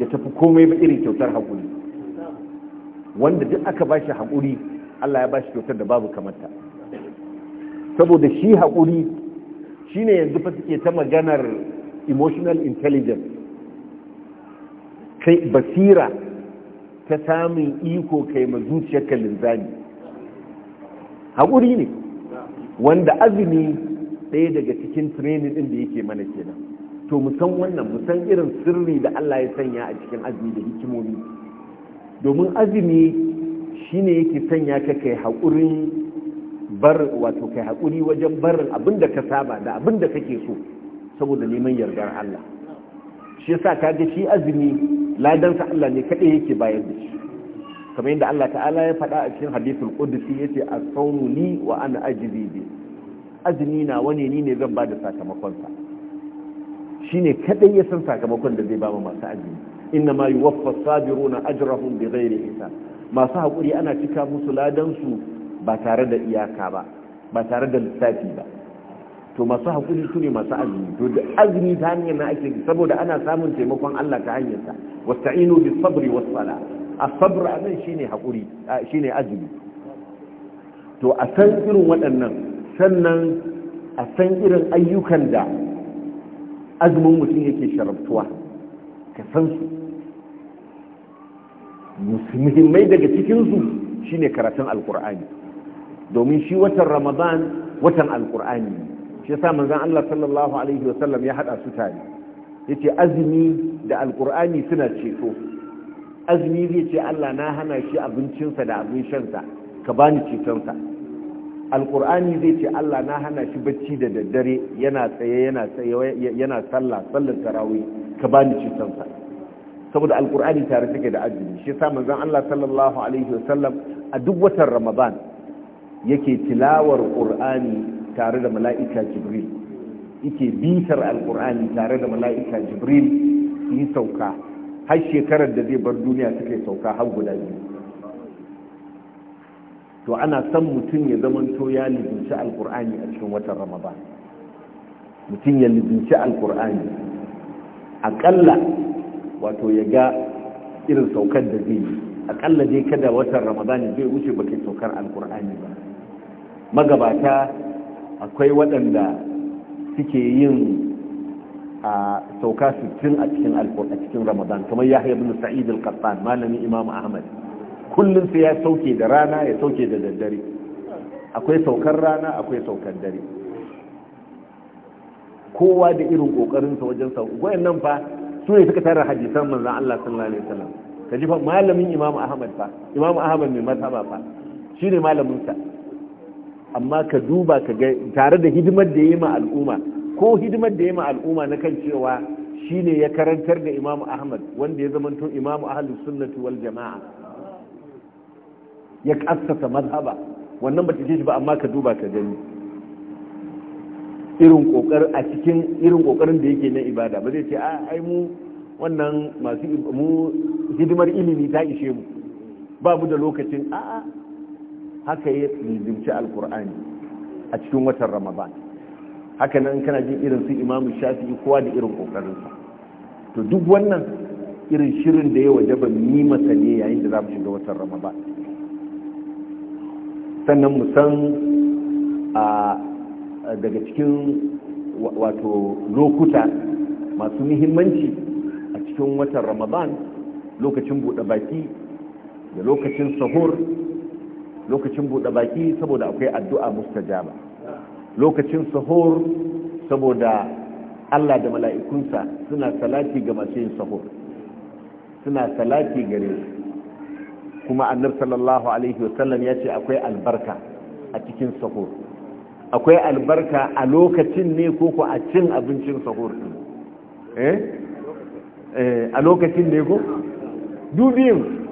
ya tafi komai ba irin kyautar hakuri wanda duk aka bashi hakuri Allah ya bashi kyautar da babu kamata, saboda shi hakuri shine yanzu fa suke ta maganar emotional intelligence kai basira ta samun iko kai ma zuciyarka linzami hakuri ne wanda azumi ɗaya daga cikin training ɗin da yake mana kenan to mu san wannan mu san irin sirri da Allah ya sanya a cikin azumi da hikimomi domin azumi shine yake sanya ka kai haƙurin bar wato kai haƙuri wajen barin abin da ka saba da abin da kake so saboda neman yardar Allah shi yasa kaga shi azumi ladansa Allah ne kaɗai yake bayar da shi kamar yadda Allah ta'ala ya faɗa a cikin hadithul qudsi yace as-sawmu li wa ana ajzi bihi azumi na wani ni ne zan ba da sakamakonsa shi ne kaɗai ya san sakamakon da zai ba masu azumi inna ma yi waffa sabiru na bi gairi isa masu haƙuri ana cika musu ladansu ba tare da iyaka ba ba tare da lissafi ba to masu haƙuri su ne masu azumi to da azumi ta hanyar na ake saboda ana samun taimakon Allah ta hanyarsa wasta'inu bis sabri was sala as-sabr shine haƙuri shine azumi to a san irin waɗannan sannan a san irin ayyukan da azumin mutum yake sharabtuwa ka san su muhimmai daga cikinsu shine karatun alkur'ani domin shi watan ramadan watan alkur'ani shi sa manzon Allah sallallahu alaihi wasallam ya hada su tare ce azumi da alkur'ani suna ceto azumi zai ce Allah na hana shi abincinsa da abin shansa ka bani cetonsa alkur'ani zai ce Allah na hana shi bacci da daddare yana tsaye yana tsaye sallah ka bani cikin sa saboda alkur'ani tare take da azumi shi yasa manzon Allah sallallahu alaihi wasallam a duk watan ramadan yake tilawar qur'ani tare da mala'ika jibril yake bitar alkur'ani tare da mala'ika jibril yi sauka har shekarar da zai bar duniya suke sauka har guda biyu to ana san mutum ya zamanto ya lizinci alkur'ani a cikin watan ramadan mutum ya lizinci alkur'ani aƙalla wato ya ga irin saukar da zai yi aƙalla dai kada watan ramadan zai wuce ba kai saukar alkur'ani ba magabata akwai waɗanda suke yin a sauka 60 a cikin ramadan kamar yahya ibn sa'id al-qattan malami imam ahmad kullum sai ya sauke da rana ya sauke da daddare akwai saukar rana akwai saukar dare kowa da irin kokarinsa wajen sauki nan fa su ne suka tara hadisan manzon Allah sallallahu alaihi wasallam ka ji fa malamin Imam Ahmad fa Imam Ahmad mai mazhaba fa shine malamin sa amma ka duba ka ga tare da hidimar da yayi ma al'umma ko hidimar da yayi ma al'umma na kan cewa shine ya karantar da Imam Ahmad wanda ya zamanto Imam Ahlus sunnati wal Jama'a ya kassasa mazhaba wannan ba ta shi ba amma ka duba ka gani irin kokar a cikin irin kokarin da yake na ibada ba zai ce a ah, ai mu wannan masu mu hidimar ilimi ta ishe mu ba mu da lokacin a a haka ya lilimci alkur'ani a cikin watan ramadan haka nan kana jin irin su imamu shafi'i kowa da irin kokarinsa to duk wannan irin shirin da ya waje ba ni masane yayin da za mu shiga watan ramadan sannan mu san daga cikin wato lokuta masu muhimmanci a cikin watan ramadan lokacin buɗe baki da lokacin sahur lokacin buɗe baki saboda akwai addu'a mustajaba lokacin sahur saboda Allah da mala'ikunsa suna salati ga masu yin sahur suna salati gare su kuma annabi sallallahu alaihi wasallam ya ce akwai albarka a cikin sahur akwai albarka a lokacin ne ko ko a cin abincin sahur eh? eh a lokacin ne ko dubin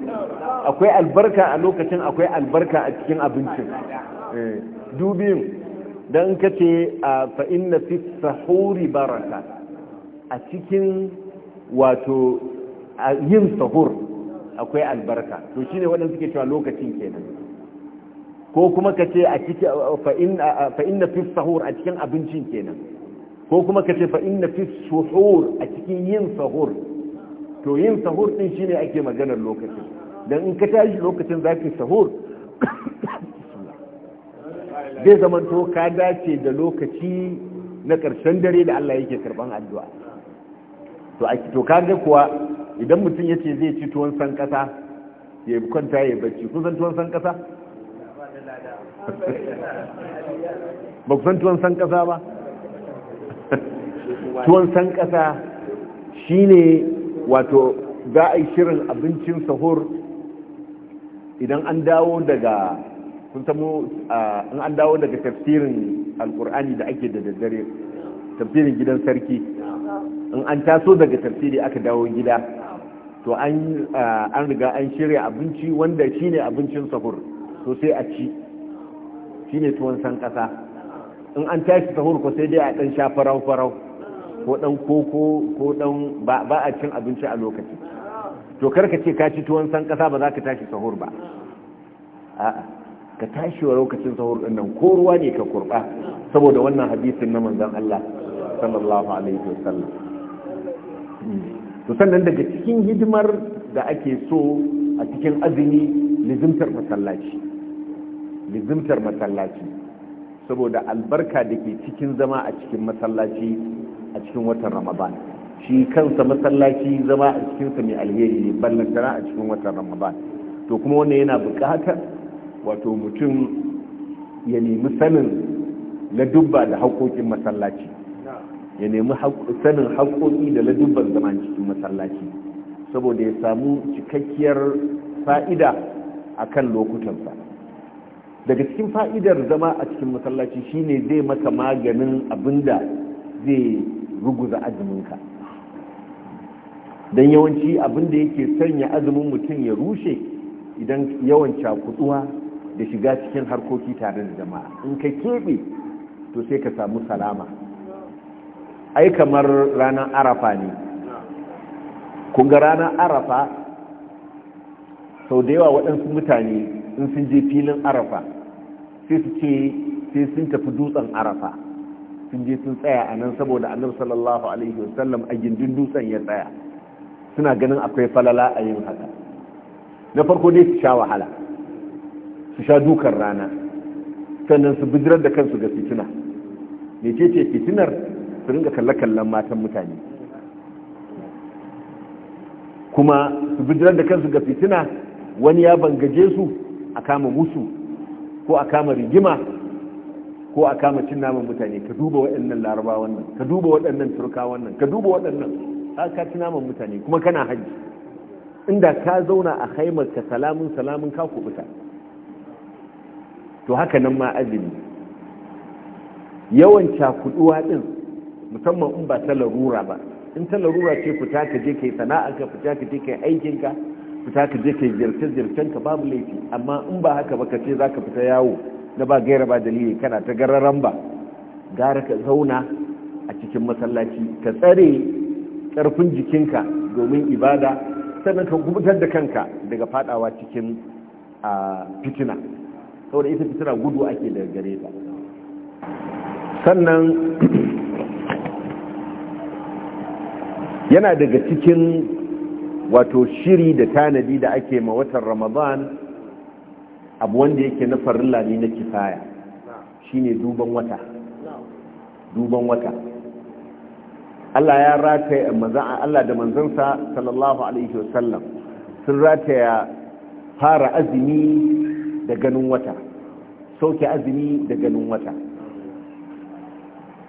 akwai albarka a lokacin akwai albarka a cikin abincin eh, dubiyin don ka ce fa inna fi sahuri baraka a cikin wato yin sahur akwai albarka to shine wannan suke cewa lokacin kenan ko kuma ka ce a cikin fa inna fi sahur a cikin abincin kenan ko kuma ka ce fa inna fi suhur a cikin yin sahur to yin sahur din shine ake maganar lokacin dan in ka tashi lokacin zaki sahur zai zamanto ka dace da lokaci na ƙarshen dare da Allah yake karban addu'a to a to kaga kuwa idan mutum ya ce zai ci tuwon san kasa ya kwanta ya bacci kun san tuwon san kasa ba ku san tuwon san kasa ba tuwon san kasa shine wato za a yi shirin abincin sahur idan an dawo daga kun samu an an dawo daga tafsirin alkur'ani da ake da daddare tafsirin gidan sarki in an taso daga tafsiri aka dawo gida to an riga an shirya abinci wanda shine abincin sahur to sai a ci shine tuwon san kasa in an tashi sahur ko sai dai a dan sha farau farau ko dan koko ko dan ba a cin abinci a lokaci to karka ce ka ci tuwon san kasa ba za ka tashi sahur ba a'a ka tashi wa lokacin sahur din nan ko ruwa ne ka kurba saboda wannan hadisin na manzon Allah sallallahu alaihi wasallam hmm. to sannan daga cikin hidimar da ake so a cikin azumi lizimtar masallaci lizimtar masallaci saboda albarka da ke cikin zama a cikin masallaci a cikin watan ramadan shi kansa masallaci zama a cikinsa mai alheri ne ballantana a cikin watan ramadan to kuma wannan yana buƙatar wato mutum ya nemi sanin na dubba da haƙoƙin masallaci ya nemi sanin haƙoƙi da ladubban zama cikin masallaci saboda ya samu cikakkiyar fa'ida a kan lokutansa daga cikin fa'idar zama a cikin masallaci shine zai maka maganin abinda zai ruguza azuminka don yawanci abinda yake sanya azumin mutum ya rushe idan yawan cakuduwa da shiga cikin harkoki tare da jama'a in ka keɓe to sai ka samu salama ai kamar ranar arafa ne kun ga ranar arafa sau da yawa waɗansu mutane in sun je filin arafa sai su ce sai sun tafi dutsen arafa sun je sun tsaya a nan saboda annabi sallallahu alaihi wasallam a gindin dutsen ya tsaya suna ganin akwai falala a yin haka na farko dai su sha wahala su sha dukan rana sannan su bijirar da kansu ga fitina mece ce fitinar su ringa kalle-kallen matan mutane kuma su bijirar da kansu ga fitina wani ya bangaje su a kama musu ko a kama rigima ko a kama cin naman mutane ka duba waɗannan laraba wannan ka duba waɗannan turka wannan ka duba waɗannan ka ci naman mutane kuma kana hajji inda ka zauna a haimar ka salamun salamun ka kubuta to haka nan ma azumi yawan cakuduwa din musamman in ba ta larura ba in ta larura ce fita ka je kai sana'arka fita ka je kai aikinka fita ka je kai ziyarce-ziyarcen ka babu laifi amma in ba haka ba ka ce za ka fita yawo na ba gaira ba dalili kana ta gararan ba gara ka zauna a cikin masallaci ka tsare karfin jikinka domin ibada sannan ka gubatar da kanka daga fadawa cikin fitina saboda ita fitina gudu ake daga gare ta sannan yana daga cikin wato shiri da tanadi da ake ma watan ramadan abu wanda yake na farilla ne na kifaya shine duban wata duban wata Allah ya rataya maza'a Allah da manzansa sallallahu alaihi wasallam sun rataya fara azumi da ganin wata sauke azumi da ganin wata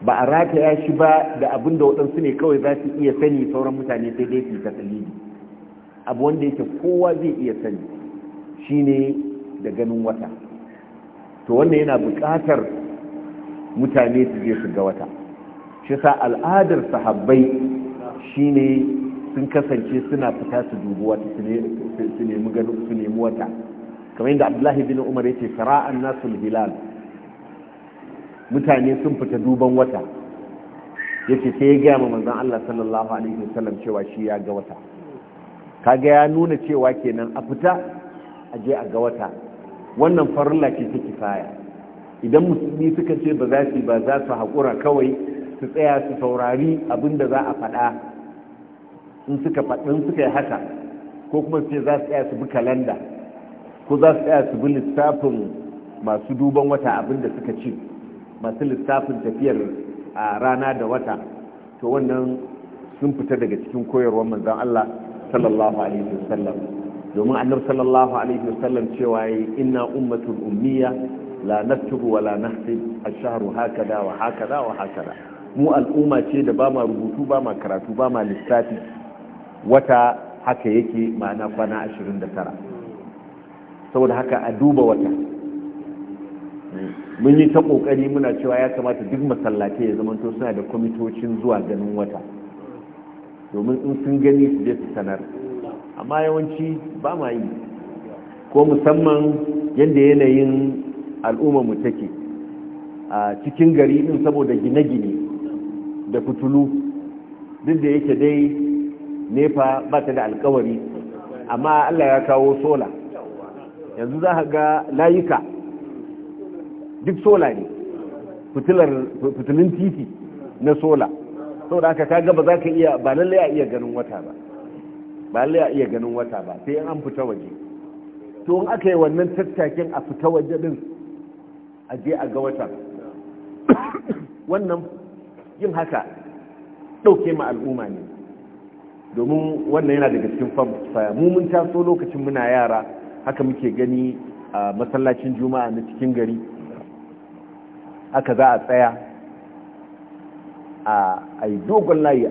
ba a rataya shi ba da abin da waɗansu ne kawai za su iya sani sauran mutane sai dai su tasalili abu wanda yake kowa zai iya sani shine da ganin wata to wannan yana buƙatar mutane su je su ga wata shi sa al'adar sahabbai shine sun kasance suna fita su dubi wata su nemi wata kamar yadda abdullahi bin umar yake sara'an nasul hilal mutane sun fita duban wata Ya ce sai ya gaya ma manzan Allah sallallahu alaihi wasallam cewa shi ya ga wata kaga ya nuna cewa kenan a fita a je a ga wata wannan farilla ce ta kifaya idan musulmi suka ce ba za su ba za su haƙura kawai su tsaya su saurari abin da za a faɗa in suka in suka yi haka ko kuma su ce za su tsaya su bi kalanda ko za su tsaya su bi lissafin masu duban wata abin da suka ce masu lissafin tafiyar a rana da wata to wannan sun fita daga cikin koyarwar manzan Allah sallallahu alaihi wasallam domin annab sallallahu alaihi wasallam cewa yi ina ummatul ummiya la nattubu wa la nahsib ash-shahru hakada wa hakada wa hakada mu al'umma ce da ba ma rubutu ba ma karatu ba ma lissafi wata haka yake ma'ana kwana 29 saboda haka a duba wata mun yi ta kokari muna cewa ya kamata duk masallatai ya zamanto suna da kwamitocin zuwa ganin wata domin in sun gani su je su sanar amma yawanci ba ma yi ko musamman yadda yanayin mu take a cikin gari din saboda gine-gine da fitulu duk da yake dai nefa ba ta da alkawari amma allah ya kawo sola yanzu za ga layuka duk sola ne fitilin titi na sola sau da aka kaga ba za ka iya ba lallai a iya ganin wata ba ba lallai a iya ganin wata ba sai an fita waje to in aka yi wannan tattakin a fita waje din a je a ga wata wannan yin haka ɗauke ma al'umma ne domin wannan yana daga cikin famfaya mu mun taso lokacin muna yara haka muke gani a masallacin juma'a na cikin gari haka za a tsaya a ai dogon layi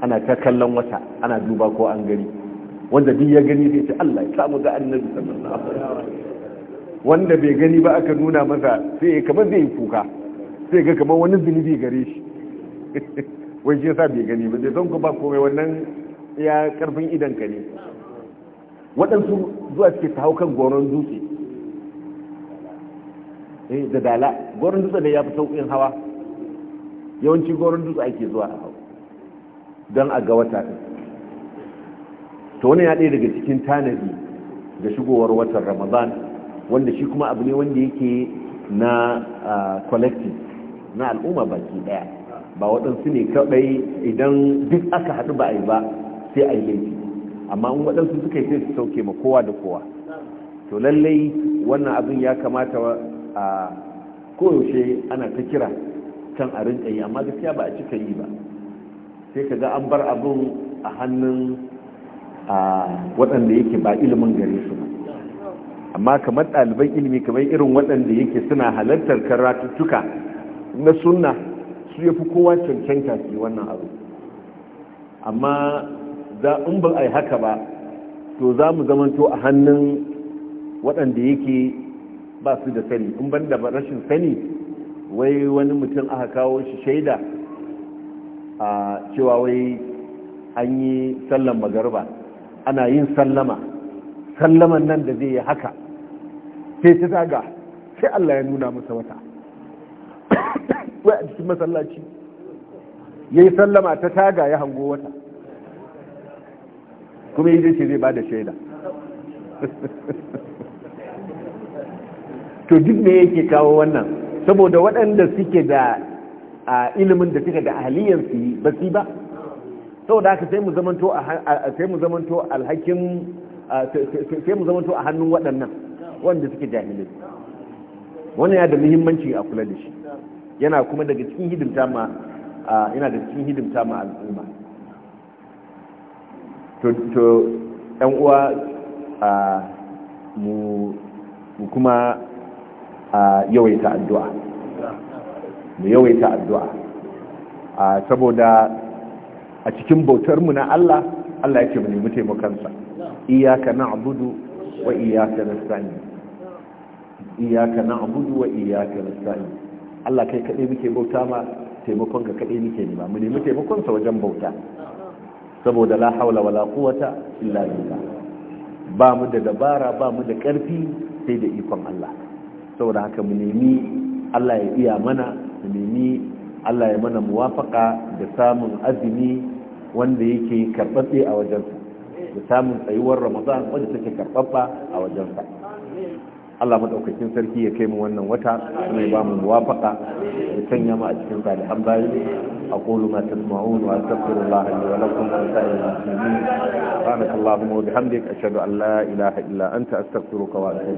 ana ta kallon wata ana duba ko an gani wanda duk ya gani zai ce Allah ya samu ga annabi sallallahu alaihi wanda bai gani ba aka nuna masa sai kamar zai yi kuka sai ga kamar wani zunubi gare shi wai shi yasa bai gani ba zai san ba komai wannan ya karfin idan ka ne waɗansu zuwa suke ta hau kan goron dutse eh da dala goron dutse ne ya fi sauƙin hawa yawanci goron dutse ake zuwa a hau don a ga wata ɗin to wani ya ɗaya daga cikin tanadi da shigowar watan ramadan wanda shi kuma abu ne wanda yake na collective na al'umma baki ɗaya ba waɗansu ne kaɗai idan duk aka haɗu ba a yi ba sai a yi laifi amma in waɗansu suka yi sai su sauke ma kowa da kowa to lallai wannan abin ya kamata a koyaushe ana ta kira can a rinka yi amma gaskiya ba a cika yi ba sai ka ga an bar abin a hannun waɗanda yake ba ilimin gare su ba amma kamar ɗaliban ilimi kamar irin waɗanda yake suna halartar karatuttuka na sunna su ya fi kowa cancanta su yi wannan abu amma za in ba a yi haka ba to za mu zamanto a hannun waɗanda yake ba su da sani in ban da rashin sani wai wani mutum aka kawo shi shaida a cewa wai an yi sallan magarba ana yin sallama sallaman nan da zai yi haka sai ta zaga sai Allah ya nuna masa wata wai a cikin masallaci ya yi sallama ta taga ya hango wata kuma yi zai ce zai ba da shaida to duk me yake kawo wannan saboda waɗanda suke da ilimin da suke da ahaliyar su yi ba su ba saboda haka sai mu zamanto a sai mu zamanto alhakin sai mu zamanto a hannun waɗannan wanda suke jahilai wannan ya da muhimmanci a kula da shi yana kuma daga cikin hidimta ma yana da cikin hidimta ma al'umma to to ɗan uwa mu kuma yawaita addu'a mu yawaita addu'a saboda a cikin bautar mu na Allah Allah yake mu nemi taimakonsa iyyaka na'budu wa iyyaka nasta'in iyyaka na'budu wa iyyaka nasta'in Allah kai kadai muke bauta ma taimakon ka kadai muke nema mu nemi taimakon sa wajen bauta saboda la haula wala quwwata illa billah ba mu da dabara ba mu da karfi sai da ikon Allah saboda haka mu nemi Allah ya iya mana mu nemi Allah ya mana muwafaka da samun azumi wanda yake karɓaɓɓe a wajensa da samun tsayuwar ramadan wanda take karɓaɓɓa a wajensa Allah maɗaukakin sarki ya kai mu wannan wata kuma ba mu muwafaka ya sanya mu a cikin salihan bayi أقول ما تسمعون وأستغفر الله لي ولكم ولسائر المسلمين سبحانك اللهم وبحمدك أشهد أن لا إله إلا أنت أستغفرك وأتوب